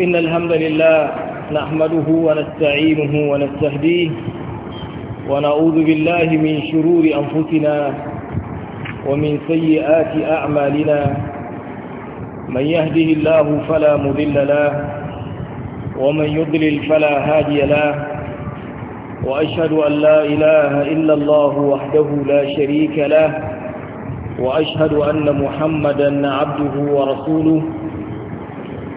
إن الحمد لله نحمده ونستعينه ونستهديه ونعوذ بالله من شرور أنفسنا ومن سيئات أعمالنا من يهده الله فلا مذل له ومن يضلل فلا هادي له وأشهد أن لا إله إلا الله وحده لا شريك له وأشهد أن محمدا عبده ورسوله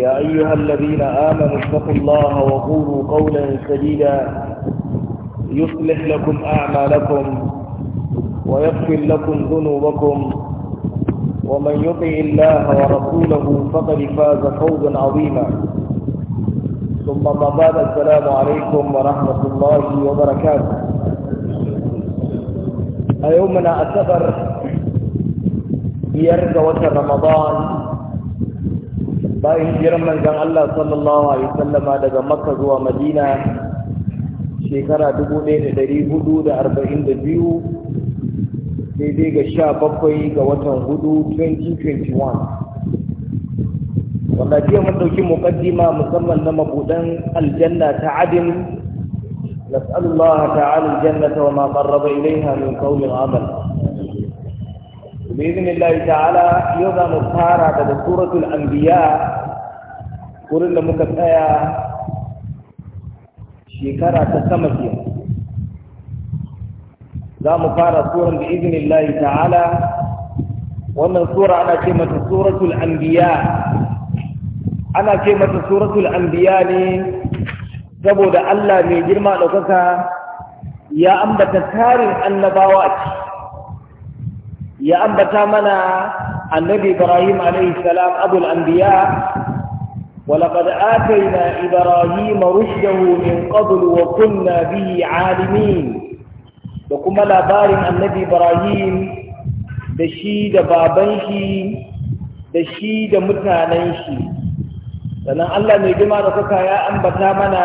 يا أيها الذين آمنوا اتقوا الله وقولوا قولا سديدا يصلح لكم أعمالكم ويغفر لكم ذنوبكم ومن يطع الله ورسوله فقد فاز فوزا عظيما ثم ما بعد السلام عليكم ورحمة الله وبركاته أيومنا أتبر يرجى وتر رمضان bayan hijirar manzon Allah sallallahu alaihi wasallama daga Makka zuwa Madina shekara 1442 daidai ga 17 ga watan hudu 2021 wanda jiya mun dauki muqaddima musamman na mabudan aljanna ta adin nas'alullaha ta'ala aljannata wa ma qarraba ilayha min qawlin amal بإذن الله تعالى fara مبتارة daga سورة الأنبياء wurin da muka tsaya shekara ta sama ke za mu fara suran da izinin Allah ta'ala wannan sura ana ce mata suratul anbiya ana ce mata suratul anbiya ne saboda Allah mai girma ɗaukaka ya ambata tarin annabawa ya ambata mana annabi ibrahim alayhi salam abul anbiya walaqad atayna ibrahim rushdahu min qabl wa kunna bihi alimin da kuma labarin annabi ibrahim da shi da baban da shi da mutanen shi sannan allah mai jima da kuka ya ambata mana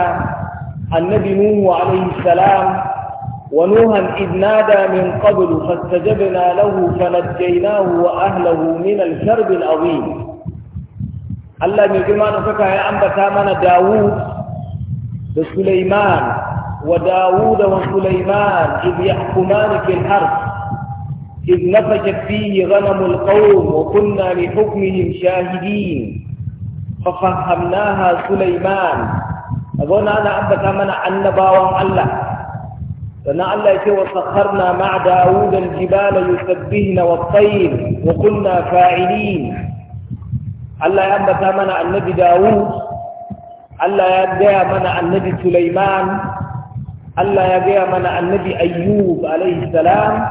annabi nuhu alayhi salam ونوحا إذ نادى من قبل فاستجبنا له فنجيناه وأهله من الكرب العظيم الله من جمال فكا يا أنبا تامنا داوود وسليمان وداوود وسليمان إذ يحكمان في الحرب إذ نفجت فيه غنم القوم وكنا لحكمهم شاهدين ففهمناها سليمان أظن أنا أنبا تامنا عن وعلا فنا الله يكي وسخرنا مع داوود الجبال يسبهن والطير وقلنا فاعلين الله يأمت منع النبي داود الله يجي منع النبي سليمان الله يجي منع النبي أيوب عليه السلام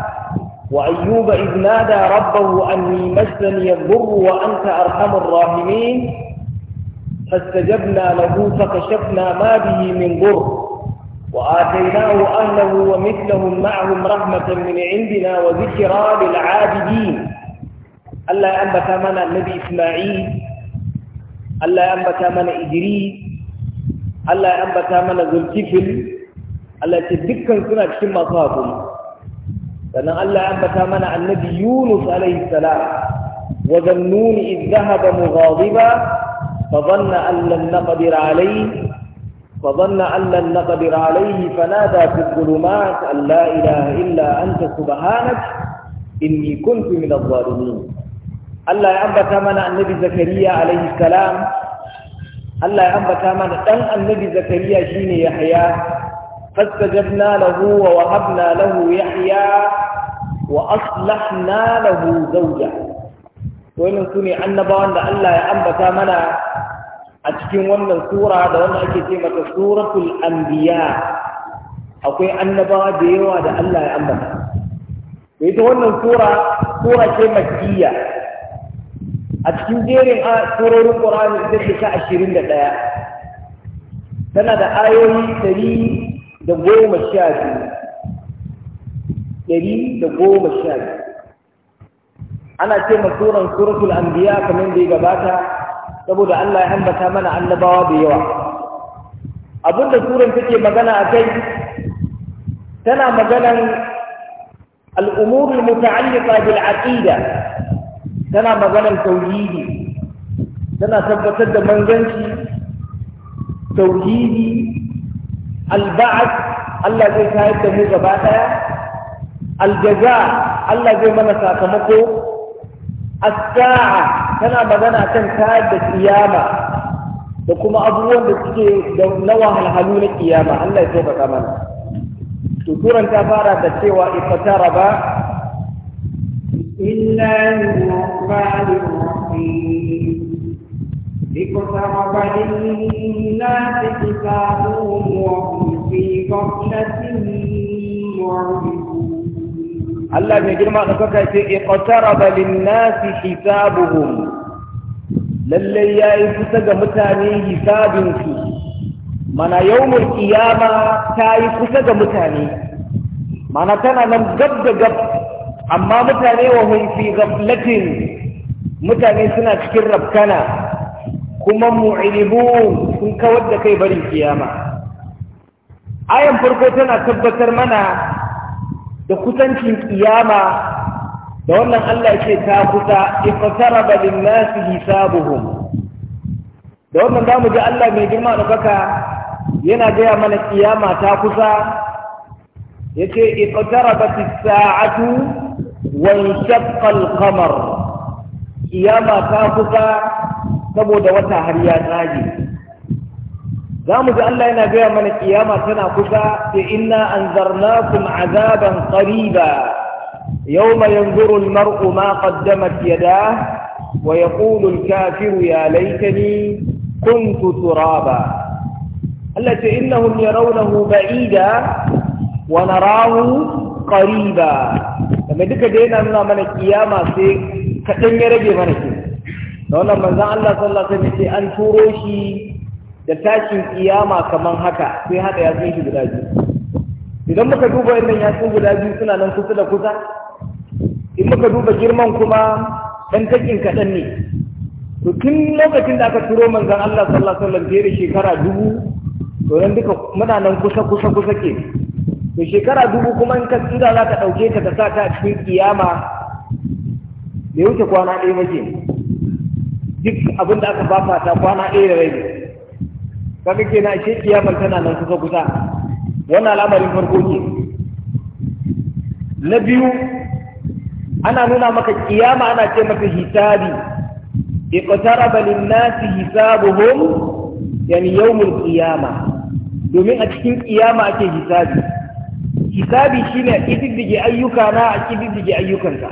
وأيوب إذ نادى ربه أني مسني الضر وأنت أرحم الراحمين فاستجبنا له فكشفنا ما به من ضر وآتيناه أهله ومثلهم معهم رحمة من عندنا وذكرى للعابدين ألا أنبت من النبي إسماعيل ألا أنبت من إدريس ألا أنبت من ذو الكفل ألا تذكر سنة كما صاكم فأنا ألا أنبت من النبي يونس عليه السلام وذنون إذ ذهب مغاضبا فظن أن لن نقدر عليه فظن أن لن نقدر عليه فنادى في الظلمات أن لا إله إلا أنت سبحانك إني كنت من الظالمين الله يعبى كمان النبي زكريا عليه السلام الله يعبى كمان أن النبي زكريا جين يحيى فاستجبنا له ووهبنا له يحيى وأصلحنا له زوجة وإن سني أن بعد الله يعبى كمان a cikin wannan sura da wanda ake ce mata suratul anbiya akwai annabawa da yawa da Allah ya ambata da ita wannan sura sura ce makkiya a cikin jerin a surorin qur'ani ita ce ta 21 tana da ayoyi 100 da goma sha biyu da goma sha biyu ana ce ma suran suratul anbiya kamar da ya gabata saboda Allah ya ambata mana annabawa da yawa abinda suran take magana a kai tana maganan al'umurul muta'alliqa bil aqida tana maganan tauhidi tana tabbatar da manganci tauhidi alba'ath Allah zai tayar da mu gaba daya aljaza Allah zai mana sakamako as-sa'a tana magana kan tayar da kiyama da kuma abubuwan da suke da na wahalhalu na kiyama Allah ya taimaka mana to turan ta fara da cewa ifatara ba billahi rahmanir rahim اقترب للناس حسابهم وهم في غفلة معرضون Allah mai girma da kaka ce iqtaraba lin-nasi hisabuhum lalle yayi kusa ga mutane hisabin su mana yawmul qiyama tayi kusa ga mutane mana tana nan gab da gab amma mutane wa hum fi ghaflatin mutane suna cikin rabkana kuma mu'ribun sun kawar da kai barin kiyama ayan farko tana tabbatar mana da kusancin kiyama da wannan Allah ce ta kusa iqtaraba lin-nasi hisabuhum da wannan zamu ji Allah mai girma da baka yana gaya mana kiyama ta kusa yace iqtarabat as-sa'atu wa shaqqa qamar kiyama ta kusa saboda wata har ya tsage za mu ji Allah yana gaya mana kiyama tana kusa ce inna anzarnakum azaban ƙariba. Yau yanzuru al-mar'u ma qaddamat yadah wa yaqulu al-kafiru ya laitani kuntu turaba Allah ce innahum yarawnahu ba'ida wa Rahu ƙariba. kamar duka da yana nuna mana kiyama sai kaɗan ya rage mana ke da wannan manzan Allah sallallahu alaihi ce an turo shi da tashin kiyama kaman haka sai haɗa ya shi guda biyu idan muka duba wannan yatsun guda biyu suna nan kusa da kusa in muka duba girman kuma ɗan takin kaɗan ne to tun lokacin da aka turo manzon Allah sallallahu alaihi wasallam da shekara dubu to ran duka muna nan kusa kusa kusa ke to shekara dubu kuma in ka tsira za ka ɗauke ta ka sa ta cikin kiyama bai wuce kwana ɗaya ke? duk abin da aka ta kwana ɗaya da rai kaga kenan ashe kiyamar tana nan kusa kusa wannan al'amarin farko ne. na biyu ana nuna maka kiyama ana ce maka hisabi iqtaraba lin-nasi hisabuhum yani yawmul qiyama domin a cikin kiyama ake hisabi hisabi shine a kididdige ayyuka na a kididdige ayyukanka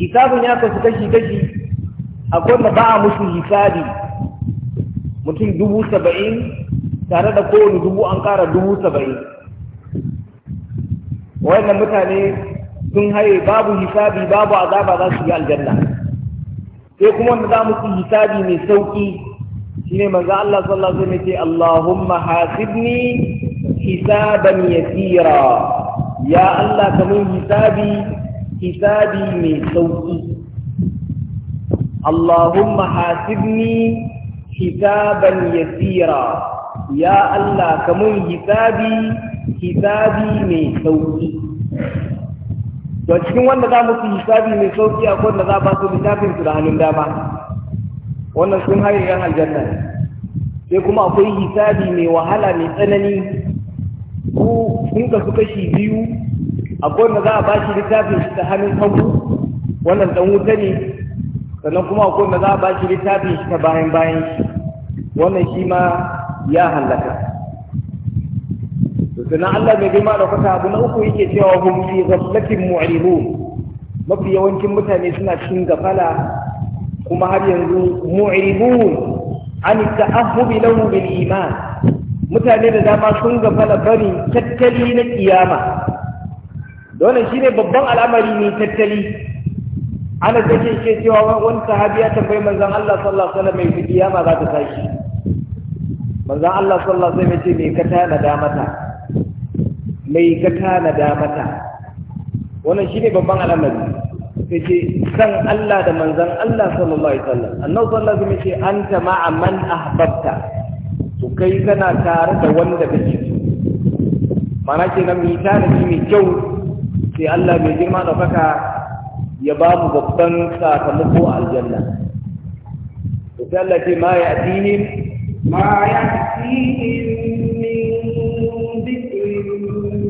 hisabun ya kasu kashi kashi akwai ba a musu hisabi mutum dubu saba'in tare da kowane dubu an ƙara dubu saba'in wannan mutane sun haye babu hisabi babu azaba za su yi aljanna sai kuma wanda za mu ci hisabi mai sauƙi shine maza Allah sallallahu alaihi wasallam ce Allahumma hasibni hisaban yasira ya Allah ka mun hisabi hisabi mai sauƙi Allahumma hasibni hisaban yasira ya Allah ka mun hisabi hisabi mai sauki to cikin wanda za mu fi hisabi mai sauki akwai wanda za ba su littafin su da hannun dama wannan sun haye yan aljanna sai kuma akwai hisabi mai wahala mai tsanani ku sun kasu kashi biyu akwai wanda za a ba shi littafin shi da hannun hagu wannan dan wuta ne sannan kuma akwai wanda za a ba shi littafin shi ta bayan bayan shi wannan shi ma ya hallaka sannan Allah mai girma da kwata abu na uku yake cewa hum fi ghaflatin mu'ridun mafi yawancin mutane suna cikin gafala kuma har yanzu mu'ridun an ta'ahhubi lahu bil iman mutane da dama sun gafala bari tattali na kiyama dole shi ne babban al'amari ne tattali ana take ke cewa wani sahabi ya tambayi manzon Allah sallallahu alaihi wasallam mai kiyama za ta tashi manzan Allah sallallahu alaihi wasallam ce me ka tanada mata mai ka tanada mata wannan shine babban al'amari sai ce san Allah da manzan Allah sallallahu alaihi wasallam annabi sallallahu alaihi wasallam ce anta ma'a man ahbabta to kai kana tare da wanda kake mana ce nan mu tanadi mai kyau sai Allah mai girma da faka ya ba mu babban sakamako a aljanna to sai Allah ce ma ya atihim آية ما يأتيهم من ذكر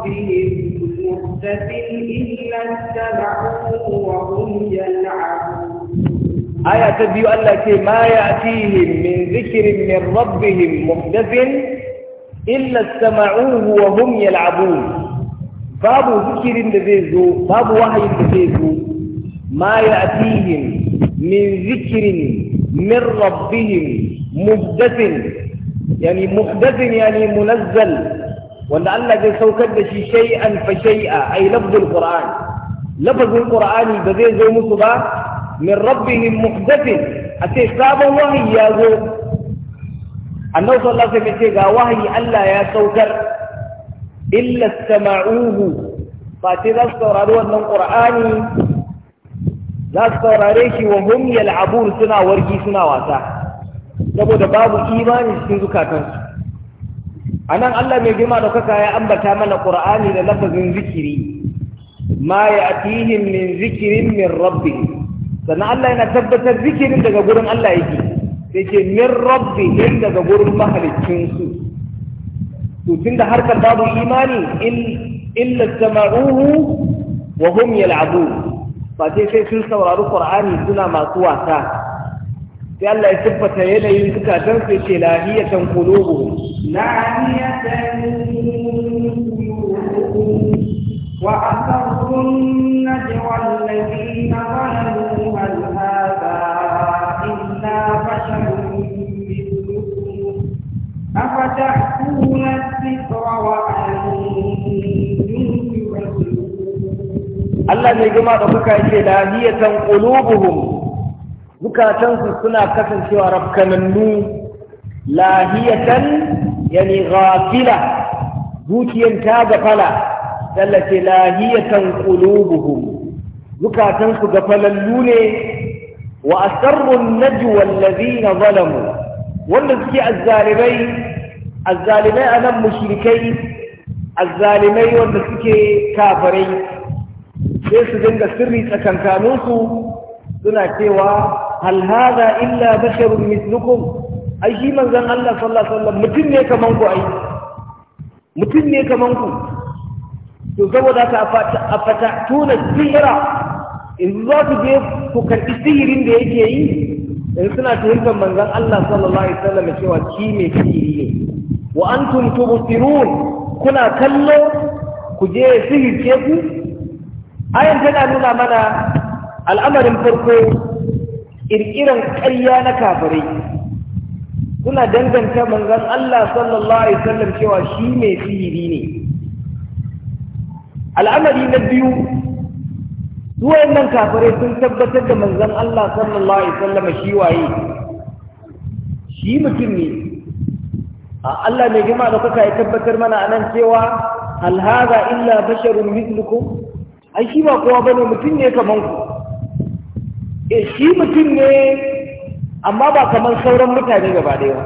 من ربهم إلا وهم يلعبون آية ما يأتيهم من ذكر من ربهم محدث إلا استمعوه وهم يلعبون باب ذكر لذيذ باب وحي لذيذ ما يأتيهم من ذكر من ربهم مهدث يعني مهدث يعني منزل ولعلك سوك الدشي شيئا فشيئا أي لفظ القرآن لفظ القرآن بذي زي مصبا من ربهم مهدث أتي خاب وهي يا زو النوص الله سبحانه وهي ألا يا سوكر إلا استمعوه فاتذا استورادوا أن القرآن لا استوراريش وهم يلعبون سنا ورجي سنا واساه saboda babu imani cikin zukatansu a nan Allah mai girma da kaka ya ambata mana ƙur'ani da lafazin zikiri ma ya atihim min zikirin min rabbi sannan Allah yana tabbatar zikirin daga gurin Allah yake sai ce min in daga gurin mahalicinsu to tunda harkar babu imani illa sama'uhu wa hum yal'abun ba sai sai sun saurari ƙur'ani suna masu wasa sai Allah ya siffata yanayin zukatan sai ce lahiyatan qulubuhum lahiyatan wa asarrun najwa alladhina zalamu hal hadha illa basharun mithlukum afatahkuna dhikra wa antum Allah mai gama da kuka ce lahiyatan qulubuhum zukatansu suna kasancewa rafkanannu lahiyatan yani ghafila zuciyan ta gafala tallace lahiyatan qulubuhum zukatansu gafalallu ne wa asarrun najwa allazina zalamu wanda suke azzalimai azzalimai anan mushrikai azzalimai wanda suke kafirai sai su dinga sirri tsakankaninsu suna cewa hal hadha illa basharun mithlukum ai shi manzon Allah sallallahu alaihi wasallam mutum ne kaman ku ai mutum ne kaman ku to saboda ka afata tuna sihira in za ku je ku karɓi sihirin da yake yi in suna tuhumtar manzon Allah sallallahu alaihi wasallam cewa shi ne sihiri ne wa antum tubsirun kuna kallo ku je sihirce ku ayan tana nuna mana al'amarin farko ƙirƙiran ƙarya na kafirai suna danganta manzon Allah sallallahu alaihi wasallam cewa shi mai sihiri ne al'amari na biyu su wayannan kafirai sun tabbatar da manzon Allah sallallahu alaihi wasallam shi waye shi mutum ne Allah mai girma da kuka ya tabbatar mana anan cewa hal hadha illa basharun mithlukum ai shi ba kowa bane mutum ne kaman ku e shi mutum ne amma ba kamar sauran mutane gaba ɗaya ba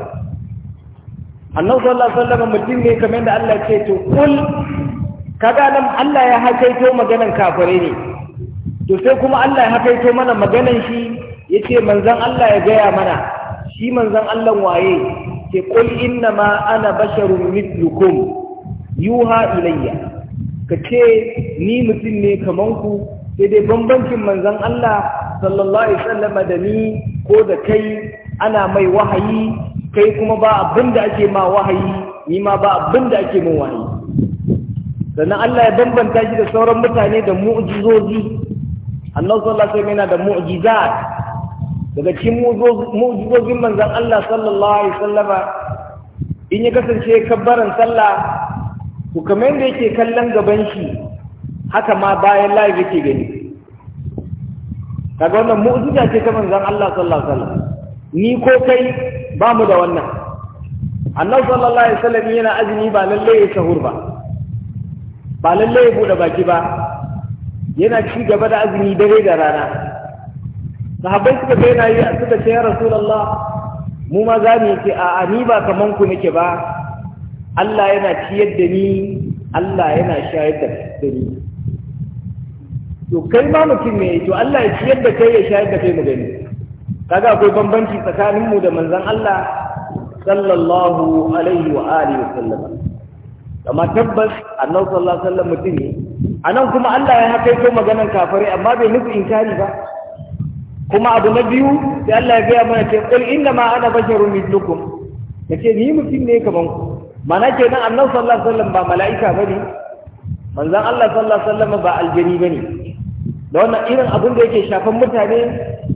annan sallallahu sallama mutum ne kamar yadda Allah ce to kul kaga nan Allah ya hakaito maganan kafare ne to sai kuma Allah ya hakaito mana maganan shi yace manzon Allah ya gaya mana shi manzon Allah waye ke kul inna ma ana basharun mithlukum yuha ilayya kace ni mutum ne kamar ku sai dai bambancin manzon Allah sallallahu alaihi wasallam da ni ko da kai ana mai wahayi kai kuma ba abin da ake ma wahayi ni ma ba abin da ake min wahayi sannan Allah ya bambanta shi da sauran mutane da mu'jizozi Allah sallallahu alaihi yana da mu'jizat daga cikin mu'jizozin manzon Allah sallallahu alaihi sallama in ya kasance kabbaran sallah ku kamar yadda yake kallon gaban shi haka ma bayan live yake gani kaga wannan mu'jiza ce ta manzon Allah sallallahu alaihi wasallam ni ko kai ba mu da wannan Allah sallallahu alaihi wasallam yana azumi ba lalle ya sahur ba ba lalle ya bude baki ba yana ci gaba da azumi dare da rana sahabbai suka ce yana yi suka ce ya rasulullah mu ma za mu ce a ni ba kaman ku nake ba Allah yana ciyar da ni Allah yana shayar da ni to kai ma mutum ne to Allah ya ciyar da kai ya shayar da kai mu gani kaga akwai bambanci tsakanin mu da manzon Allah sallallahu alaihi wa alihi wasallam amma tabbas annabi sallallahu alaihi wasallam mutum ne anan kuma Allah ya haka ko maganan kafare amma bai nufi inkari ba kuma abu na biyu sai Allah ya gaya mana ce qul inna ma ana basharun mithlukum yace ni mutum ne kaman ku mana kenan annabi sallallahu alaihi wasallam ba mala'ika bane manzan Allah sallallahu alaihi wasallam ba aljani ne, da wannan irin abin da yake shafan mutane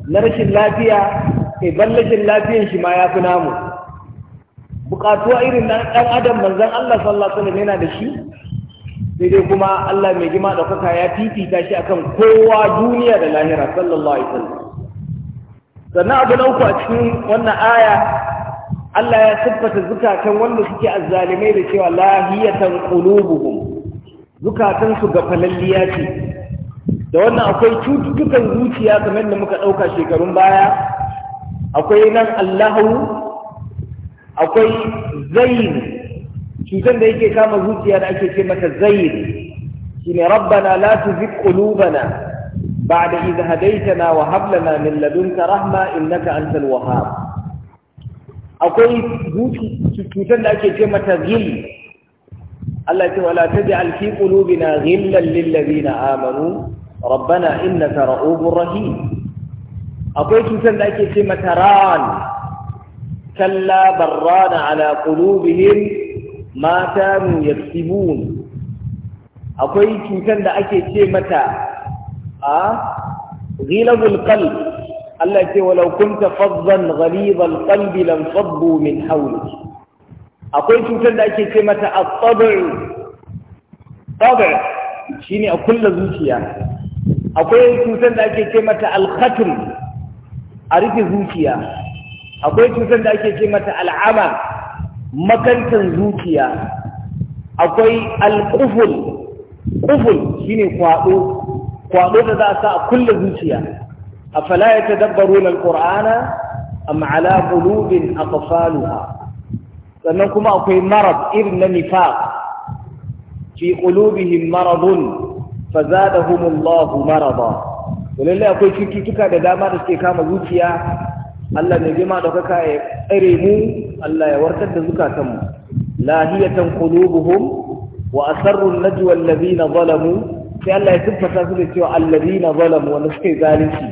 na rashin lafiya kai ban lafiyan shi ma ya fi namu bukatuwa irin na ɗan adam manzan Allah sallallahu alaihi wasallam yana da shi sai dai kuma Allah mai gima da kuka ya fifita shi akan kowa duniya da lahira sallallahu alaihi wasallam sannan abu na uku a cikin wannan aya Allah ya siffata zukatan wanda suke azzalimai da cewa lahiyatan qulubuhum zukatansu ga falalliya ce da wannan akwai cututtukan zuciya kamar da muka ɗauka shekarun baya akwai nan allahu akwai zayin cutar da yake kama zuciya da ake ce mata zayin shine rabbana la tuzigh qulubana بعد إذ هديتنا وهب لنا من لدنك رحمة إنك أنت الوهاب akwai cutar da ake ce mata zil الله تعالى ولا تجعل في قلوبنا غلا للذين آمنوا ربنا إنك رؤوب رحيم أقول سنة كثمة ران كلا بران على قلوبهم ما كانوا يكسبون akwai cutar da ake ce mata a zilagul kal Allah ce walaukunta fazzan ghalibal kalbi lam fabbu min akwai cutar da ake ce mata a at-tabr shi ne a kulla zuciya akwai cutar da ake ce mata al-khatm a rufe zuciya akwai cutar da ake ce mata al'ama makantan zuciya akwai al-quful shi ne kwaɗo, kwaɗo da za a sa a kulla zuciya afala yatadabbaruna al-qur'ana a ala qulubin aqfaluha sannan kuma akwai marad irin na nifaq fi qulubihim maradun fazadahumullahu marada to lalle akwai cututtuka da dama da suke kama zuciya Allah ne jima da kaka ya tsare mu Allah ya warkar da zukatan mu lahiyatan qulubuhum wa asarru an-najwa alladhina zalamu sai Allah ya tabbata su da cewa alladhina zalamu wanda suke zalunci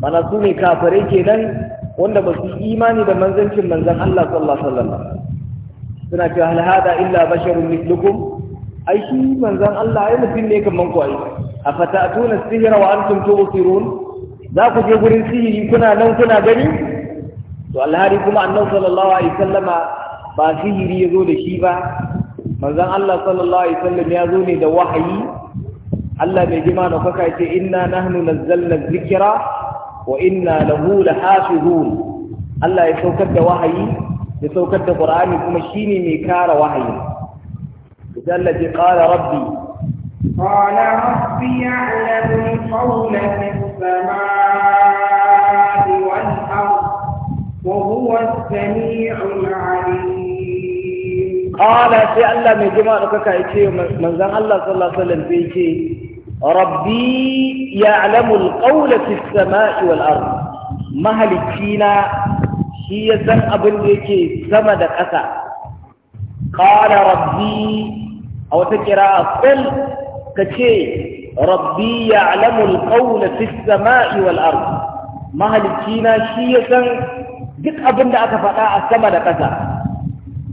mana su ne kafare kenan wanda ba su imani da manzancin manzan Allah sallallahu alaihi wasallam suna cewa hal hada illa basharun mithlukum ai shi manzon Allah ai mutum ne kaman ku ai afatatuna sihra wa antum tubsirun za ku je gurin sihiri kuna nan kuna gani to alhari kuma annabi sallallahu alaihi wasallama ba sihiri yazo da shi ba manzon Allah sallallahu alaihi wasallam ya zo ne da wahayi Allah mai jima da kuka ce inna nahnu nazzalna dhikra wa inna lahu lahafizun Allah ya saukar da wahayi ya saukar da qur'ani kuma shine mai kara wahayi idan laji qala rabbi qala rabbi ya'lamu qawla fis samai wal ard wa huwa as-sami'ul 'alim qala sai Allah mai jima'a kaka yace manzon Allah sallallahu alaihi wasallam sai yace rabbi ya'lamu al-qawla fis samai wal ard mahalicina shi ya san abin da yake sama da ƙasa ƙara rabbi a wata kira'a qul kace rabbi ya'lamu al-qawla fi as-sama'i wal mahalicci na. shi ya san duk abin da aka faɗa a sama da ƙasa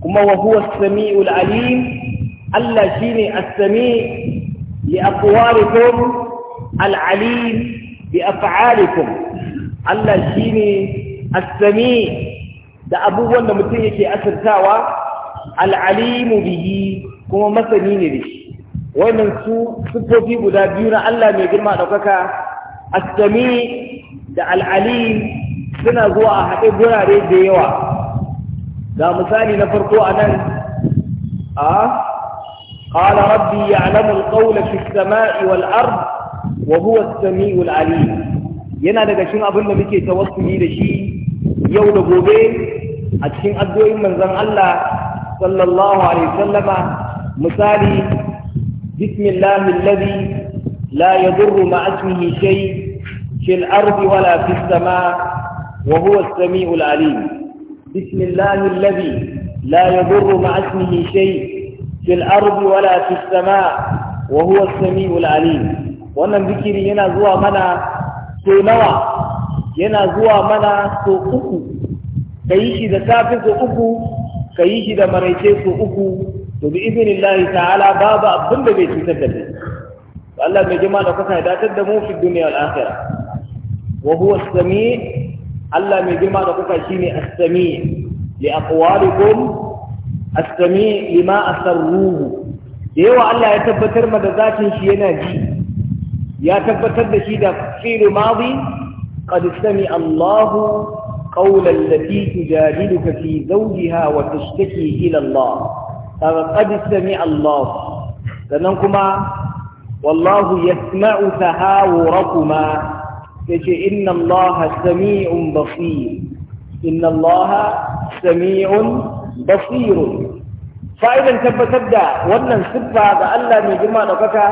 kuma wa huwa sami samiul alim Allah ne a sami li aqwalikum bi af'alikum Allah as da abubuwan da mutum yake asirtawa al'alimu bihi kuma masani ne da wannan su sufofi guda biyu na Allah mai girma ɗaukaka asami da al'alim suna zuwa a haɗe gurare da yawa ga misali na farko a nan a ƙala rabbi ya alamun ƙaunar fi sama'i wal'ar wa huwa sami'ul alim yana daga cikin abin da muke tawassuli da shi yau da gobe a cikin addu'o'in manzon Allah sallallahu alaihi wasallama misali bismillahil ladhi la yadurru ma ismihi shay fil ardi wala fis sama wa huwa as-sami'ul alim bismillahil ladhi la yadurru ma ismihi shay fil ardi wala fis sama wa huwa as-sami'ul alim wannan zikiri yana zuwa mana so nawa yana zuwa mana sau uku ka yi shi da safe so uku ka yi shi da maraice sau uku to bi iznillahi ta'ala babu abin da bai cutar da kai Allah mai jima da kuka datar da mu fi duniya wal akhirah wa huwa as-sami' Allah mai jima da kuka shine as-sami' li aqwalikum as-sami' lima asarruhu da yawa Allah ya tabbatar ma da zatin shi yana ji ya tabbatar da shi da fi'il madi qad sami Allahu qawlan lati tujadiluka fi zawjiha wa tashtaki ila Allah kaga qad sami Allah sannan kuma wallahu yasma'u tahawurakuma yace inna Allah sami'un basir inna Allah sami'un basir fa'idan tabbatar da wannan siffa ga Allah mai girma da kaka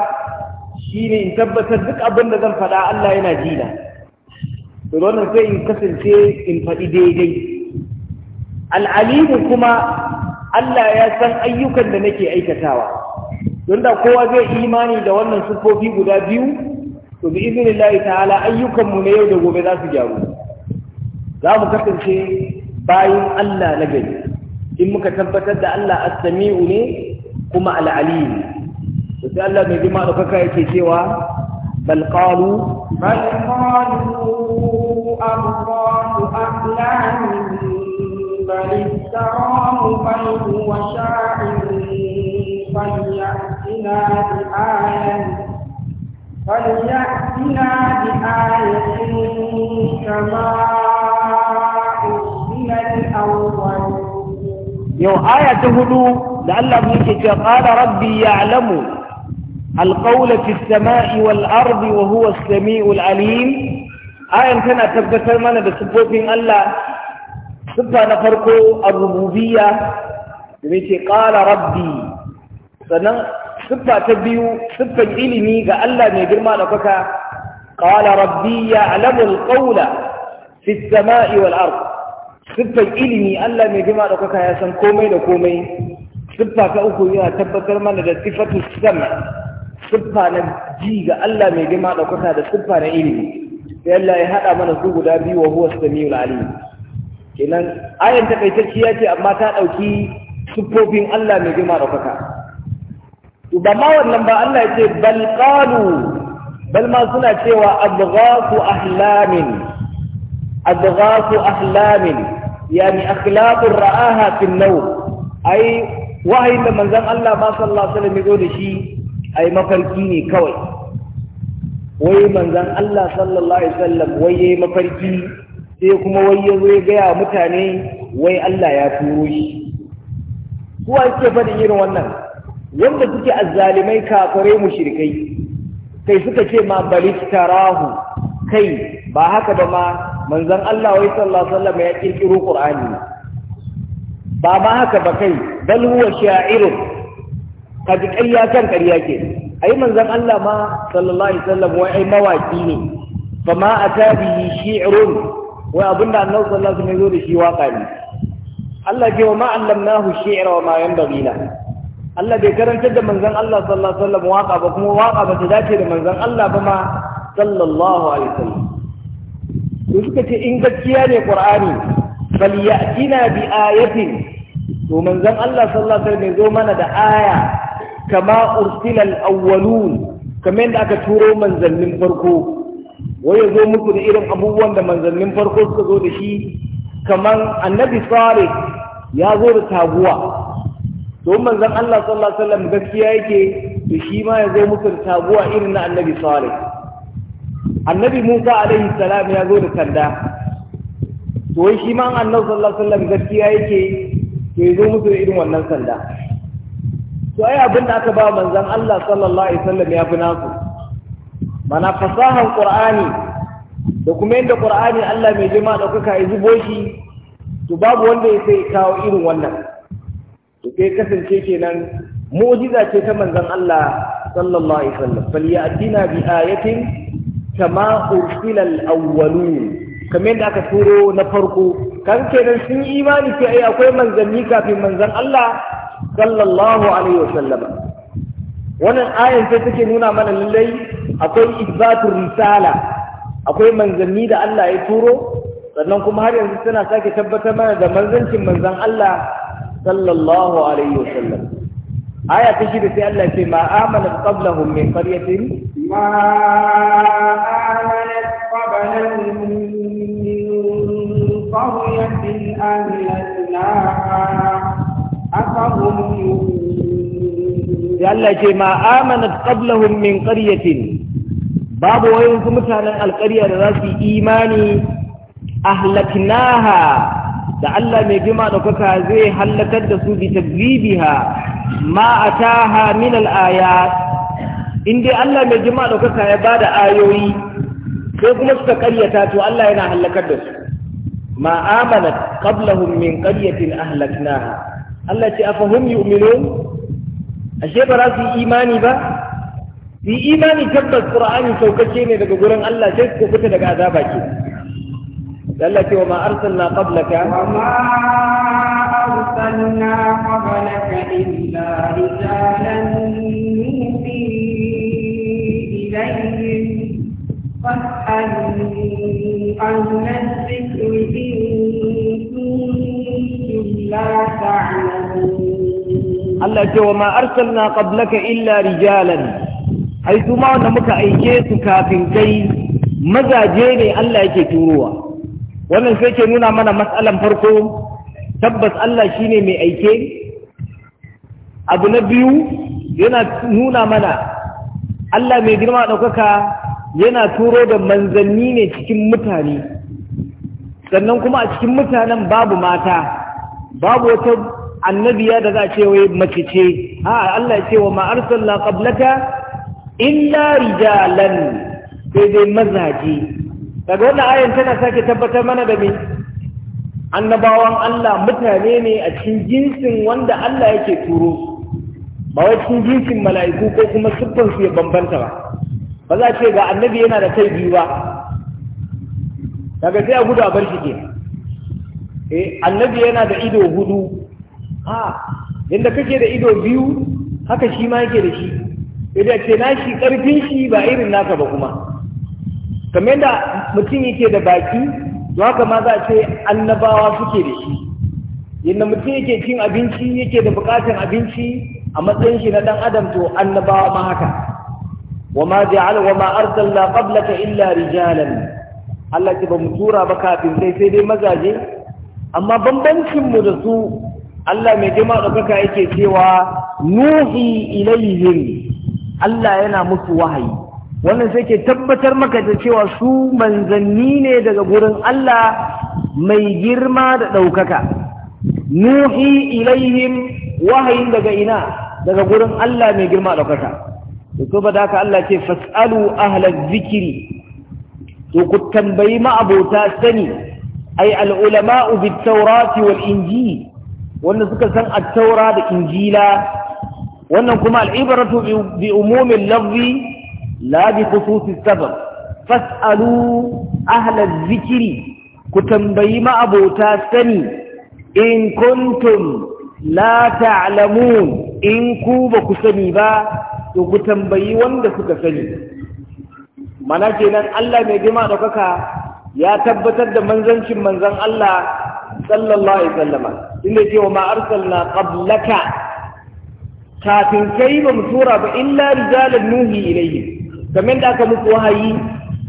shine in tabbatar duk abin da zan faɗa Allah yana ji na to sai in kasance in faɗi daidai al'alimu kuma Allah ya san ayyukan da nake aikatawa don da kowa zai imani da wannan sufofi guda biyu to bi iznillahi ta'ala ayyukanmu na yau da gobe za su gyaru za mu kasance bayan Allah na gari in muka tabbatar da Allah as-sami'u ne kuma al sai Allah mai jima da kaka yake cewa bal qalu bal qalu amratu ahlamin bal istarahu bal huwa sha'in falyatina bi ayatin فليأتنا بآية كما أرسل الأولون يو آية هدو لألا بنك قال ربي يعلم القول في السماء والأرض وهو السميع العليم آية كان تبكتر منا بسبوك من الله سبا نفرق الربوبية بيتي قال ربي سنن سبا تبيو علمي قال الله قال ربي يعلم القول في السماء والأرض سبا علمي الله نجمع لكك يا سنكومي لكومي سبا تأخذ يا تبكتر منا بسفة السماء siffa na ji ga Allah mai girma ɗaukaka da siffa na ilimi sai Allah ya haɗa mana su guda biyu wa huwa samiul alim kenan ayan takaitacci ya ce amma ta ɗauki siffofin Allah mai girma ɗaukaka to ba ma wannan ba Allah ya bal qalu bal ma suna cewa abghasu ahlamin abghasu ahlamin yani akhlaqur ra'aha fil nawm ai wahayin da manzon Allah ba sallallahu alaihi wasallam ya zo da shi ai mafarki ne kawai wai manzan Allah sallallahu alaihi wasallam wai yayi mafarki sai kuma wai ya zo ya gaya mutane wai Allah ya turo shi ko an ce irin wannan wanda suke azzalimai kafirai mushrikai kai suka ce ma bari tarahu kai ba haka ba ma manzan Allah wai sallallahu alaihi wasallam ya kirkiro Qur'ani ba ba haka ba kai bal huwa sha'irun kaji ƙarya kan ƙarya ke ai manzon Allah ma sallallahu alaihi wasallam wai ai mawaki ne fa ma atabihi shi'run wai abinda annabi sallallahu alaihi wasallam zo da shi waka ne Allah ce wa ma allamnahu shi'ra wa ma yanbaghi la Allah bai karantar da manzon Allah sallallahu alaihi wasallam waka ba kuma waka ba ta dace da manzon Allah ba ma sallallahu alaihi wasallam to suka ce in gaskiya ne qur'ani falyatina bi ayatin to manzon Allah sallallahu alaihi wasallam zo mana da aya kama ursila al-awwalun kamar yadda aka turo manzannin farko wai zo muku da irin abubuwan da manzannin farko suka zo da shi kamar annabi salih ya zo da taguwa to manzon Allah sallallahu alaihi wasallam gaskiya yake to shi ma ya zo muku da taguwa irin na annabi salih annabi Musa alaihi salam ya zo da kanda to wai shi ma annabi sallallahu alaihi wasallam gaskiya yake to ya zo muku da irin wannan sanda to ai abin da aka ba manzon Allah sallallahu alaihi wasallam ya fi nasu mana fasahan qur'ani da kuma yadda qur'ani Allah mai jima da kuka yi zubo shi to babu wanda ya sai kawo irin wannan to kai kasance kenan mu'jiza ce ta manzon Allah sallallahu alaihi wasallam falyatina bi ayatin kama ursila al-awwalun kamar yadda aka turo na farko kan kenan sun imani sai akwai manzanni kafin manzon Allah sallallahu alaihi wasallam wannan ayan sai take nuna mana lallai akwai isbatul risala akwai manzanni da Allah ya turo sannan kuma har yanzu suna sake tabbatar mana da manzancin manzan Allah sallallahu alaihi wasallam aya ta shida sai Allah ya ce ma amana qablahum min qaryatin ma amana qablahum min qaryatin ahlaknaha Allah ce ma amanat qablahum min qaryatin babu wayin su mutanen alqarya da zasu yi imani ahlaknaha da Allah mai jima da zai halakar da su bi tadribiha ma ataha min alayat inda Allah mai jima da kuka ya bada ayoyi sai kuma suka karyata to Allah yana halakar da su ma amanat qablahum min qaryatin ahlaknaha Allah ce afahum yu'minun ashe ba za su yi imani ba su yi imani tabbas qur'ani saukace ne daga gurin Allah sai ku fita daga azaba ke Allah ce wa ma arsalna qablaka wa ma arsalna qablaka illa rijalan nuhi ilayhim fas'al an nadhkri Allah ce wa ma arsalna qablaka illa rijalan ai su wanda muka aike su kafin kai mazaje ne Allah yake turowa wannan sai ke nuna mana matsalan farko tabbas Allah shine mai aike abu na biyu yana nuna mana Allah mai girma ɗaukaka yana turo da manzanni ne cikin mutane sannan kuma a cikin mutanen babu mata babu wata annabiya da za a ce wai mace ce a Allah ya ce wa ma arsalna qablaka illa rijalan sai dai mazaje daga wannan ayan tana sake tabbatar mana da me annabawan Allah mutane ne a cikin jinsin wanda Allah yake turo ba wai cikin jinsin mala'iku ko kuma siffan su ya bambanta ba ba za a ce ga annabi yana da kai biyu ba daga sai a gudu a bar shi ke eh annabi yana da ido hudu a yadda kake da ido biyu haka shi ma yake da shi yadda ce na shi ƙarfin shi ba irin naka ba kuma kamar yadda mutum yake da baki to haka ma za a ce annabawa suke da shi yadda mutum yake cin abinci yake da buƙatar abinci a matsayin shi na ɗan adam to annabawa ma haka wa ma ja'al wa ma arsalna qablaka illa rijalan Allah ce ba mu tura ba kafin sai sai dai mazaje amma bambancin mu da su Allah mai jima ɗaukaka yake cewa nuhi ilayhim Allah yana musu wahayi wannan sai ke tabbatar maka da cewa su manzanni ne daga gurin Allah mai girma da ɗaukaka nuhi ilayhim wahayin daga ina daga gurin Allah mai girma ɗaukaka to ba da haka Allah ce fas'alu ahla zikiri to ku tambayi ma'abota sani ay al ulama'u bit taurati wal injili wanda suka san attaura da injila wannan kuma al'ibaratu bi umumin lafzi la bi khususi sabab fas'alu ahla zikiri ku tambayi ma'abota sani in kuntum la ta'lamun in ku ba ku sani ba to ku tambayi wanda suka sani mana kenan Allah mai girma ɗaukaka ya tabbatar da manzancin manzan Allah sallallahu alaihi sallama inda ce wa ma'arsalna qablaka kafin kai ba mu tura ba illa rijalan nuhi ilayhi kamar da aka muku wahayi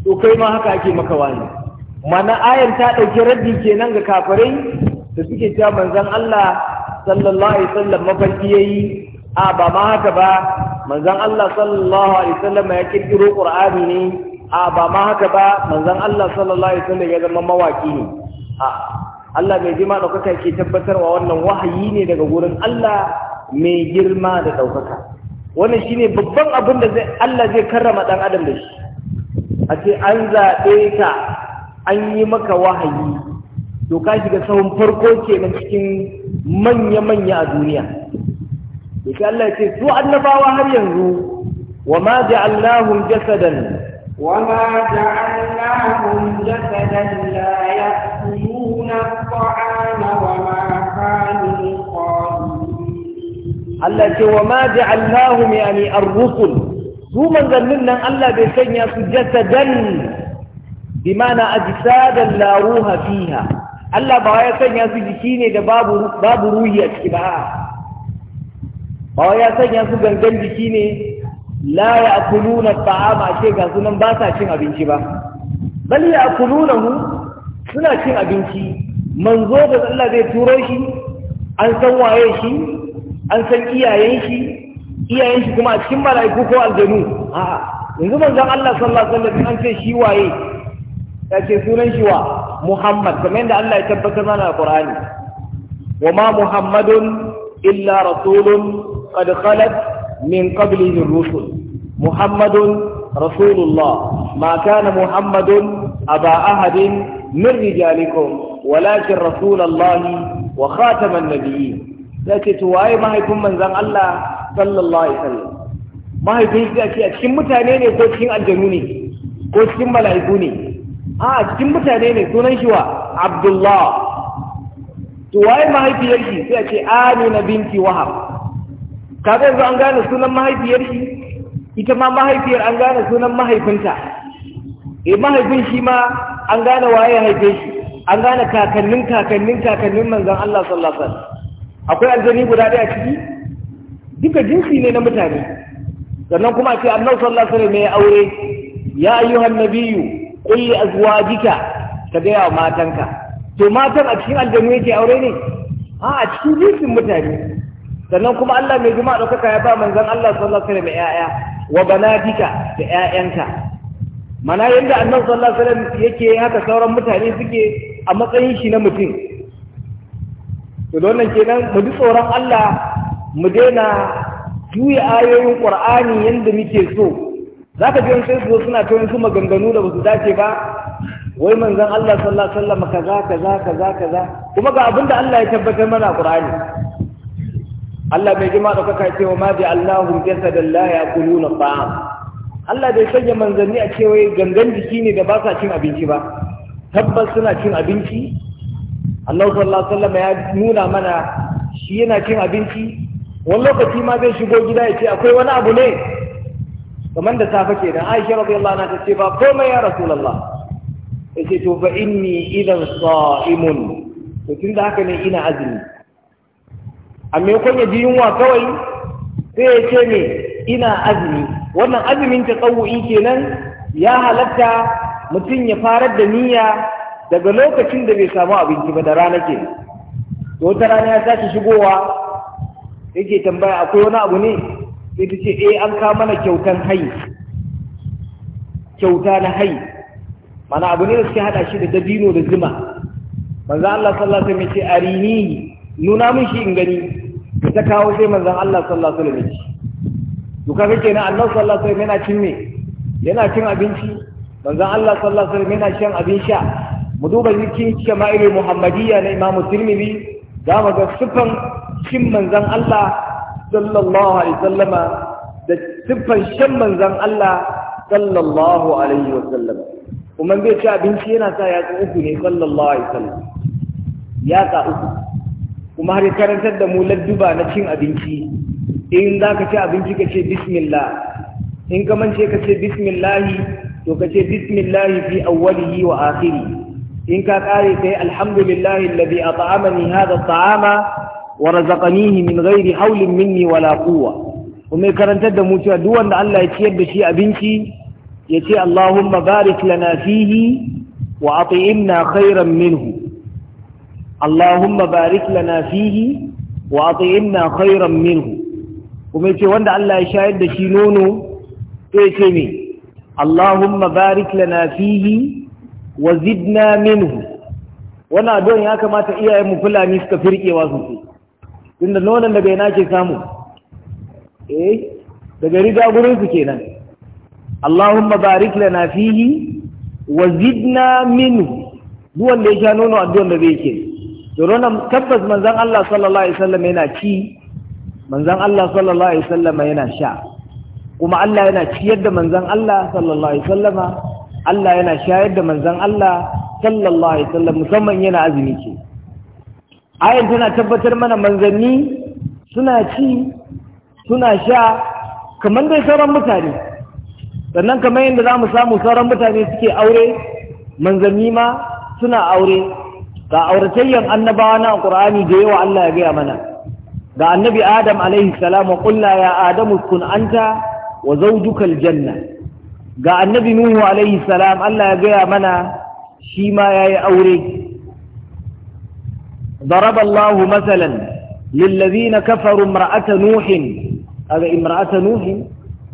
to kai ma haka ake maka wani mana ayan ta ɗauki raddi kenan ga kafirai da suke cewa manzon Allah sallallahu alaihi sallam mafarki yayi a ba ma haka ba manzon Allah sallallahu alaihi sallam ya kirkiro Qur'ani ne a ba ma haka ba manzon Allah sallallahu alaihi sallam ya zama mawaki ne a Allah mai girma ɗaukaka ke tabbatarwa wannan wahayi ne daga wurin. Allah mai girma da ɗaukaka wannan shine babban abin da Allah zai karrama ɗan adam da shi a ce an zaɓe ka an yi maka wahayi to ka shiga sahun farko ke na cikin manya-manya a duniya to Allah ce su annabawa har yanzu wa ma ja'alnahum jasadan wa ma jasadan la الطعام وما كانوا Allah ce wa ma ja'alnahu mi ani ar rukun. su manzannin nan Allah bai sanya su jasadan bi mana ajsadan da ruha Hafiha. Allah ba ya sanya su jiki ne da babu ruhi a ciki ba ba ya sanya su gangan jiki ne la ya'kuluna ta'ama ce ga sunan ba sa cin abinci ba bal mu suna cin abinci manzo da Allah zai turo shi an san waye shi an san iyayen shi iyayen shi kuma a cikin mala'iku ko aljanu a'a yanzu manzon Allah sallallahu alaihi wasallam an ce shi waye ya ce sunan shi wa Muhammad kamar yadda Allah ya tabbatar mana a Qur'ani wa ma Muhammadun illa rasulun qad khalat min qablihi ar-rusul Muhammadun rasulullah الله ما كان aba أبا أحد walakin rasulallahi wa khataman nabiyyi zai to waye mahaifin manzon Allah sallallahu alaihi wasallam mahaifin shi ake a cikin mutane ne ko cikin aljanu ko cikin mala'iku ne a cikin mutane ne sunan shi wa Abdullah to waye mahaifiyar shi ce Amina binti kaga yanzu an gane sunan mahaifiyar shi ita ma mahaifiyar an gane sunan mahaifinta eh mahaifin shi ma an gane waye haife shi an gane kakannin kakannin kakannin manzan Allah sallallahu alaihi wasallam akwai aljani guda daya ciki duka jinsi ne na mutane sannan kuma ce annabi sallallahu alaihi wasallam ya aure ya ayyuhan nabiyyu qul li azwajika ka ga ya matanka to matan a cikin aljani yake aure ne a a cikin jinsin mutane sannan kuma Allah mai juma'a daukaka ya ba manzan Allah sallallahu alaihi wasallam ya'ya wa banatika da ƴaƴanka mana yanda annabi sallallahu alaihi wasallam yake haka sauran mutane suke a matsayin shi na mutum to wannan kenan mu ji tsoron Allah mu daina juya ayoyin Qur'ani yanda muke so zaka ji sai su suna ta su maganganu da basu dace ba wai manzon Allah sallallahu alaihi wasallam kaza kaza kaza kaza kuma ga abinda Allah ya tabbatar mana Qur'ani Allah bai jima da kaka cewa ma bi Allahu jasadan la yaquluna ta'am Allah bai sanya manzanni a cewa gangan jiki ne da ba sa cin abinci ba tabbas suna cin abinci Allah sallallahu ya nuna mana shi yana cin abinci wani lokaci ma zai shigo gida ya ce akwai wani abu ne kamar da safe kenan Aisha radiyallahu anha ta ce ba komai ya Rasulullah yace to fa inni idan sa'imun to da haka ne ina azumi amma kun yaji yunwa kawai sai ya ce ne ina azumi wannan azumin ta tsawu'i kenan ya halatta mutum ya farar da niyya daga lokacin da bai samu abinci ba da rana ke wata rana ya tashi shigowa yake tambaya akwai wani abu ne sai ta ce eh an kawo mana kyautan hai kyauta na hai mana abu ne da suke hada shi da dabino da zuma manzo Allah sallallahu alaihi wasallam ya ce arini nuna min shi in gani ta kawo sai manzo Allah sallallahu alaihi wasallam ya ce to kaga kenan Allah sallallahu alaihi wasallam yana cin me yana cin abinci manzon Allah sallallahu alaihi wasallam yana shan abin sha mu duba cikin shama'il muhammadiyya na Imam Tirmidhi za mu ga sifan shin manzon Allah sallallahu alaihi wasallama da sifan shan manzon Allah sallallahu alaihi wasallam kuma bai ci abinci yana sa ya uku ne sallallahu alaihi wasallam ya ka uku kuma har karantar da mu ladduba na cin abinci in za ka ci abinci ka ce bismillah in ka mance ka ce bismillahi to ka ce bismillahi fi awwalihi wa akhiri in ka kare kai alhamdulillahi alladhi at'amani hadha at'ama wa razaqanihi min ghairi hawlin minni wala quwwa kuma karantar da mu cewa duk wanda Allah ya ciyar da shi abinci ya ce Allahumma barik lana fihi wa at'imna khairan minhu Allahumma barik lana fihi wa at'imna khairan minhu kuma yace wanda Allah ya shayar da shi nono sai ce me Allahumma barik lana fihi wa zidna minhu wannan addu'an ya kamata iyayen mu fulani suka firkewa sosai tunda nonon daga ina ke samu eh daga riga gurin su kenan Allahumma barik lana fihi wa zidna minhu duk wanda ya sha nono addu'an da zai ke to nonon tabbas manzon Allah sallallahu alaihi wasallam yana ci manzon Allah sallallahu alaihi wasallam yana sha kuma Allah yana ciyar da manzan Allah sallallahu alaihi sallama Allah yana shayar da manzan Allah sallallahu alaihi sallam musamman yana azumi ce ayan tana tabbatar mana manzanni suna ci suna sha kamar dai sauran mutane sannan kamar yadda za mu samu sauran mutane suke aure manzanni ma suna aure ga auratayyan annabawa na ƙur'ani da yawa Allah ya gaya mana ga annabi Adam alaihi salam wa qul ya adamu kun anta wa zawjuka aljanna ga annabi nuhu alaihi salam Allah ya gaya mana shi ma yayi aure ضرب الله مثلا للذين كفروا امرأة نوح هذا امرأة نوح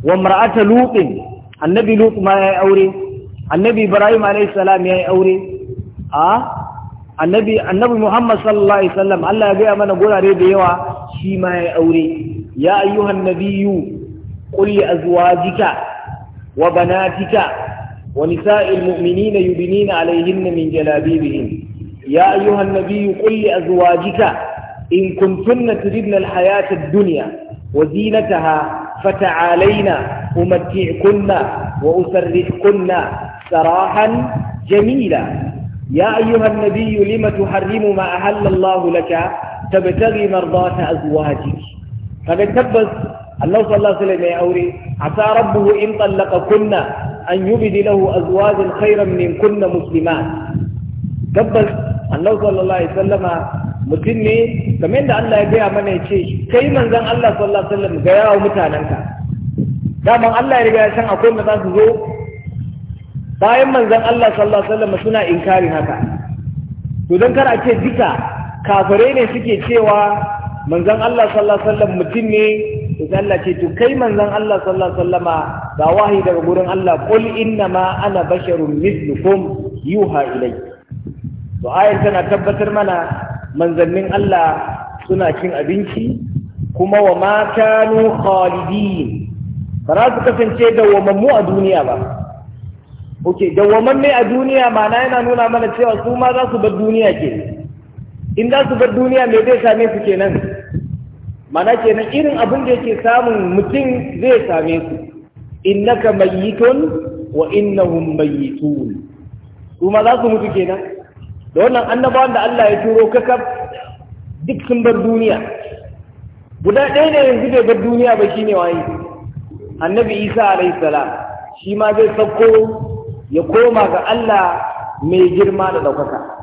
وامرأة لوط النبي لوط ما يا أوري النبي إبراهيم عليه السلام يا أوري آه النبي النبي محمد صلى الله عليه وسلم الله يبيع من أقول عليه بيوا شي ما يا أوري يا أيها النبي قل لأزواجك وبناتك ونساء المؤمنين يبنين عليهن من جلابيبهن يا أيها النبي قل لأزواجك إن كنتن تردن الحياة الدنيا وزينتها فتعالينا أمتعكن وأسرحكن سراحا جميلا يا أيها النبي لم تحرم ما أحل الله لك تبتغي مرضات أزواجك فبتبس Allah sallallahu alaihi wasallam ya aure asa rabbuhu in tallaqa kunna an yubdi lahu azwajan khairan min kunna muslimat tabbas Allah sallallahu alaihi wasallama mutum ne kamar da Allah ya gaya mana ya ce kai manzon Allah sallallahu alaihi wasallam ga yawo mutananka daman Allah ya riga ya san akwai maza su zo bayan manzon Allah sallallahu alaihi wasallam suna inkarin haka to dan kar a ce duka kafare ne suke cewa manzon Allah sallallahu alaihi wasallam mutum ne sai Allah ce to kai manzon Allah sallallahu alaihi wasallama ga wahayi daga gurin Allah qul inna ma ana basharun mislukum yuha ilai to ayar tana tabbatar mana manzannin Allah suna cin abinci kuma wa ma kanu khalidin ba za su kasance mu a duniya ba oke dawwamamme a duniya ma'ana yana nuna mana cewa su ma za su bar duniya ke in za su bar duniya me zai same su kenan mana kenan irin abin da yake samun mutum zai same su innaka mayyitun wa innahum mayyitun su ma za su mutu kenan da wannan annabawan da Allah ya turo kakaf duk sun bar duniya guda ɗaya ne yanzu bai bar duniya ba shine waye annabi Isa alayhi salam shi ma zai sauko ya koma ga Allah mai girma da ɗaukaka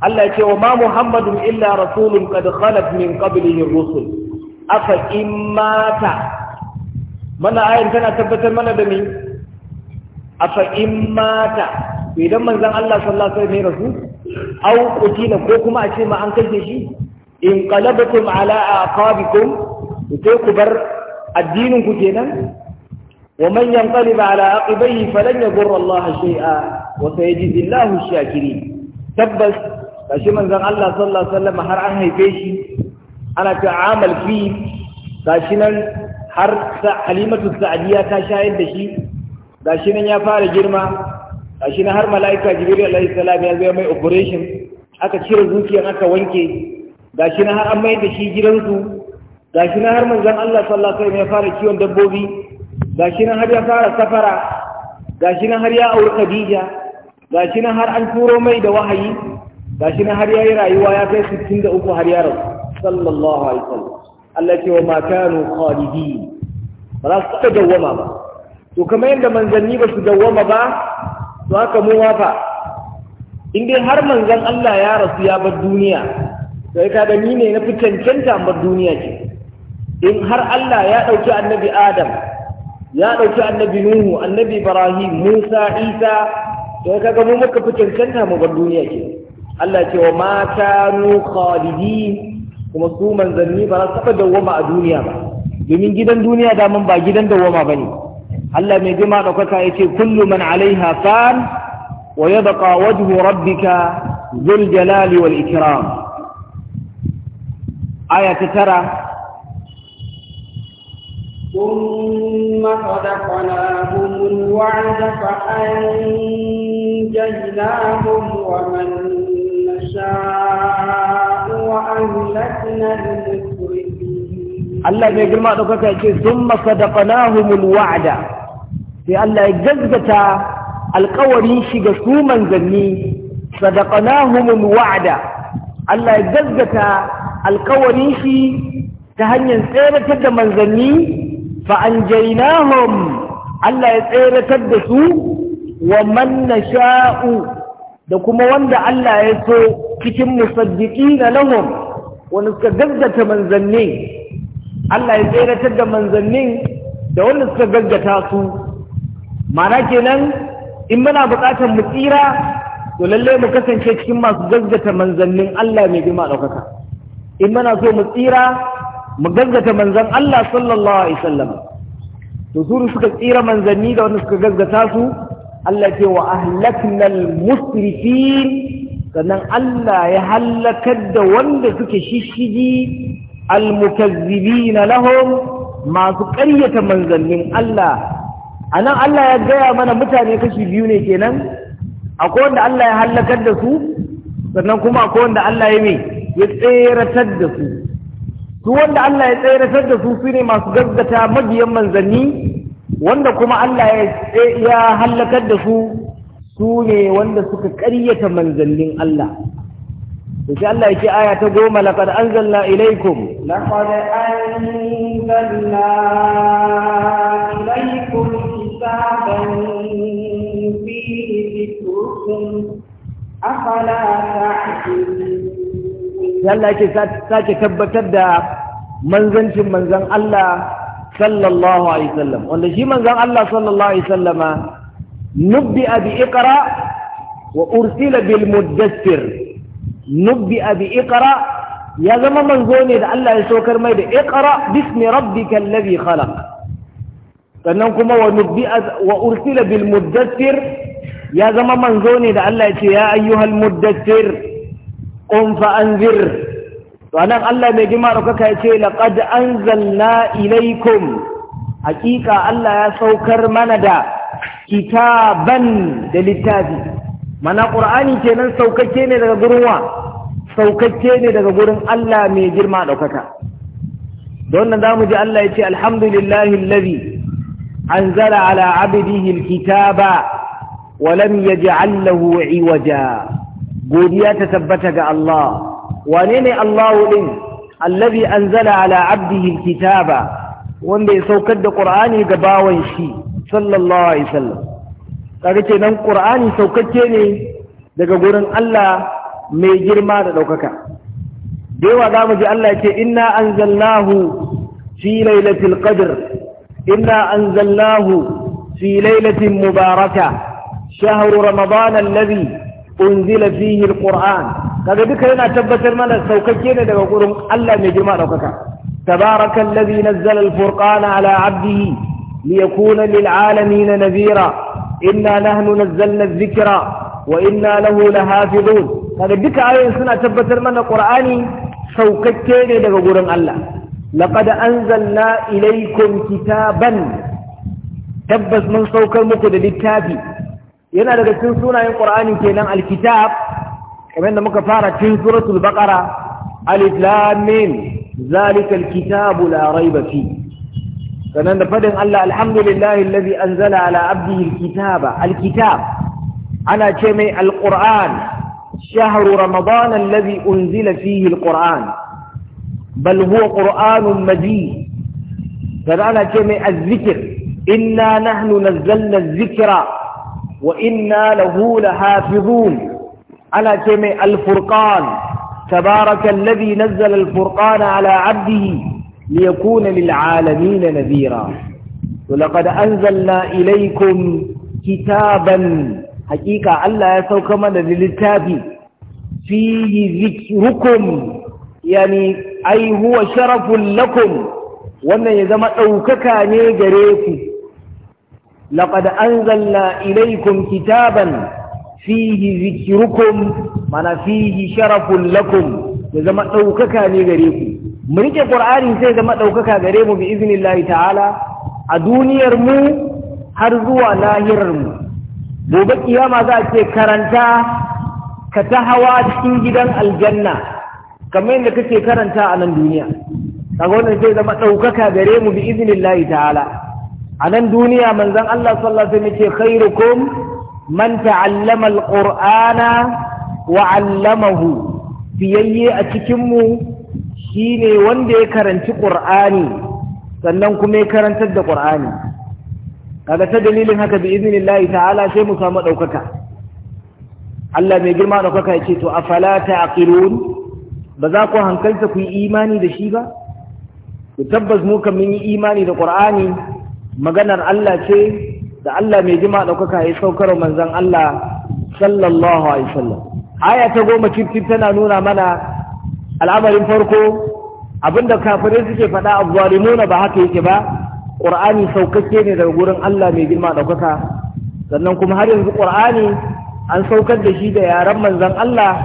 Allah ya ce wa ma Muhammadun illa rasulun qad khalat min qablihi rusul afa in mata mana ayin tana tabbatar mana da ni afa in mata idan manzon Allah sallallahu alaihi wasallam rasu au qutila ko kuma a ce ma an kashe shi in qalabatum ala aqabikum sai ku bar addinin ku kenan wa man yanqalib ala aqibayhi falan yadurra Allah shay'a wa sayajidu shakirin tabbas kashi manzon Allah sallallahu alaihi wasallam har an haife shi ana ta amal fi kashi nan har halimatu sa'diya ta shayar da shi gashi nan ya fara girma gashi nan har mala'ika jibril alaihi salam ya zo mai operation aka cire zuciyar aka wanke gashi nan har an mai da shi gidansu gashi nan har manzon Allah sallallahu alaihi wasallam ya fara kiwon dabbobi gashi nan har ya fara safara gashi nan har ya auri Khadija gashi nan har an turo mai da wahayi gashi na har yayi rayuwa ya kai 63 har ya rasu sallallahu alaihi wasallam Allah ce wa ma kanu khalidi ba za su taɓa dawwama ba to kamar yadda manzanni ba su dawwama ba to haka mu wafa in dai har manzan Allah ya rasu ya bar duniya sai ka ga ni ne na fi cancanta bar duniya ce in har Allah ya ɗauki annabi Adam ya ɗauki annabi Nuhu annabi Ibrahim Musa Isa to ka ga mu muka fi cancanta mu bar duniya ce Allah ce wa mata nu khalidin kuma su manzanni ba za su taɓa dawwama a duniya ba domin gidan duniya daman ba gidan dawwama ba ne Allah mai jima da ya ce kullu man alaiha fan wa yabqa wajhu rabbika dhul jalali wal ikram aya ta tara ثم صدقناهم الوعد فأنجيناهم ومن نشاء وأهلكنا المسرفين الله يجمع لك ثم صدقناهم الوعد sai Allah ya gaggata alkawarin shi ga su manzanni sadaqnahumul wa'da Allah ya gaggata alkawarin shi ta hanyar tseratar da manzanni fa an jainahum. Allah ya tseratar da su wa man nasha'u da kuma wanda Allah ya so cikin na lahum wani suka gaggata manzanni Allah ya tseratar da manzannin da wanda suka gaggata su mana kenan in muna buƙatar mu tsira to lallai mu kasance cikin masu gaggata manzannin Allah mai ma ɗaukaka in muna so mu tsira mu gaggata manzan Allah sallallahu alaihi wasallam to su suka tsira manzanni da wanda suka gaggata su Allah ce wa ahlaknal musrifin sannan Allah ya halakar da wanda suke shishigi almukazzibina lahum masu ƙaryata manzannin Allah anan Allah ya gaya mana mutane kashi biyu ne kenan akwai wanda Allah ya halakar da su sannan kuma akwai wanda Allah ya me ya tseratar da su su wanda Allah ya tseratar da su su ne masu gaggata mabiyan manzanni wanda kuma Allah ya halakar da su su ne wanda suka ƙaryata manzannin Allah sai Allah yake aya ta goma laqad anzalna ilaykum laqad anzalna ilaykum kitaban fihi dhikrukum afala ta'qilun Allah yake sake tabbatar da manzancin manzan Allah sallallahu alaihi wasallam wanda shi manzon Allah sallallahu alaihi wasallama nubbi'a bi iqra wa ursila bil muddassir nubbi'a bi iqra ya zama manzo ne da Allah ya sokar mai da iqra bismi rabbikal ladhi khalaq sannan kuma wa nubbi'a wa ursila bil muddassir ya zama manzo ne da Allah ya ce ya ayyuhal muddassir qum fa anzir ranar Allah mai girma ɗaukaka ya ce laƙad an ilaikum hakika Allah ya saukar mana da kitaban da littafi mana ƙur'ani kenan saukakke ne daga gurin wa saukakke ne daga gurin Allah mai girma ɗaukaka don nan za mu ji Allah ya ce alhamdulillahi allazi anzala ala abdihi alkitaba wa lam yaj'al lahu iwaja godiya ta tabbata ga Allah wane ne Allahu ɗin, allazi anzala ala abdihi Kitaba, wanda ya saukar da ƙur'ani ga bawan shi sallallahu alaihi wasallam kaga kenan ƙur'ani saukacce ne daga gurin Allah mai girma da ɗaukaka. dewa mu ji Allah ce. inna anzalnahu fi lailatul qadr inna anzalnahu fi lailatin mubarakah شهر رمضان unzila fihi alquran kaga duka yana tabbatar mana saukakke ne daga gurin Allah mai girma daukaka tabarakallazi nazzala alfurqana ala abdihi liyakuna lilalamin nadhira inna nahnu nazzalna adh-dhikra wa inna lahu lahafizun kaga duka ayoyin suna tabbatar mana qur'ani saukakke ne daga gurin Allah laqad anzalna ilaykum kitaban tabbas mun saukar muku da littafi yana daga cikin sunayen qur'ani kenan alkitab kamar da muka fara cikin suratul baqara alif lam mim zalika alkitabu la rayba fi sanan da fadin Allah alhamdulillahi alladhi anzala ala abdihi alkitaba alkitab ana ce mai alquran شهر رمضان الذي أنزل فيه القرآن بل هو قرآن مجيد فأنا كما الذكر إنا نحن نزلنا الذكر وإنا له لحافظون على جمع الفرقان تبارك الذي نزل الفرقان على عبده ليكون للعالمين نذيرا ولقد أنزلنا إليكم كتابا حقيقة ألا يسوك من للتاب فيه ذكركم يعني أي هو شرف لكم وأن يزمأ أوككا نيجريكم laqad anzalna ilaykum kitaban fihi zikrukum mana fihi sharafun lakum ya zama ɗaukaka ne gare ku mu rike qur'ani sai zama ɗaukaka gare mu bi iznillahi ta'ala a duniyar mu har zuwa lahirar mu gobe kiyama za a ce karanta ka ta hawa cikin gidan aljanna kamar yadda kake karanta a nan duniya kaga wannan sai zama ɗaukaka gare mu bi iznillahi ta'ala a nan duniya manzon Allah sallallahu alaihi wasallam ce khairukum man ta'allama alqur'ana wa 'allamahu fiyayye a cikin mu shine wanda ya karanci qur'ani sannan kuma ya karantar da qur'ani kaga ta dalilin haka bi iznillahi ta'ala sai mu samu daukaka Allah mai girma ɗaukaka kuka ce to afala taqilun ba za ku hankalta ku yi imani da shi ba ku tabbas mu kan mun yi imani da Qur'ani maganar Allah ce da Allah mai jima ɗaukaka ya saukar manzan Allah sallallahu alaihi wasallam aya ta goma cikin tana nuna mana al'amarin farko abinda kafirai suke faɗa a zalimuna ba haka yake ba qur'ani saukake ne daga gurin Allah mai girma ɗaukaka sannan kuma har yanzu qur'ani an saukar da shi da yaren manzan Allah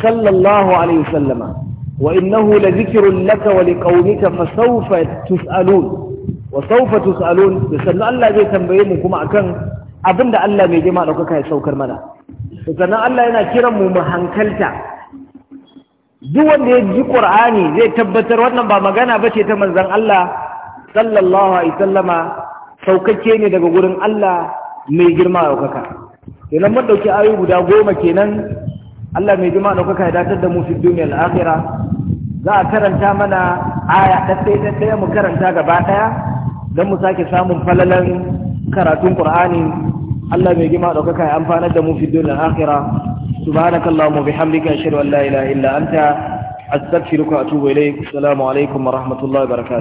sallallahu alaihi wasallama wa innahu la zikrun laka wa liqaumika fasawfa tus'alun wa sawfa tusalun sannan Allah zai tambaye mu kuma akan abinda Allah mai jima da kuka ya saukar mana sannan Allah yana kiran mu mu hankalta duk wanda ya ji Qur'ani zai tabbatar wannan ba magana bace ta manzon Allah sallallahu alaihi wasallama saukakke ne daga gurin Allah mai girma da kuka kenan mun dauki ayu guda goma kenan Allah mai girma da kuka ya datar da mu fi duniyar akhirah za a karanta mana aya ɗaɗɗaya ɗaya mu karanta gaba ɗaya don mu sake samun falalan karatun ƙur'ani. Allah mai gima ɗaukaka ya amfanar da mu fi duniyar akhira mu bi ashhadu an la ilaha illa anta astaghfiruka atubu ilaik assalamu alaikum wa rahmatullahi wa barakatuh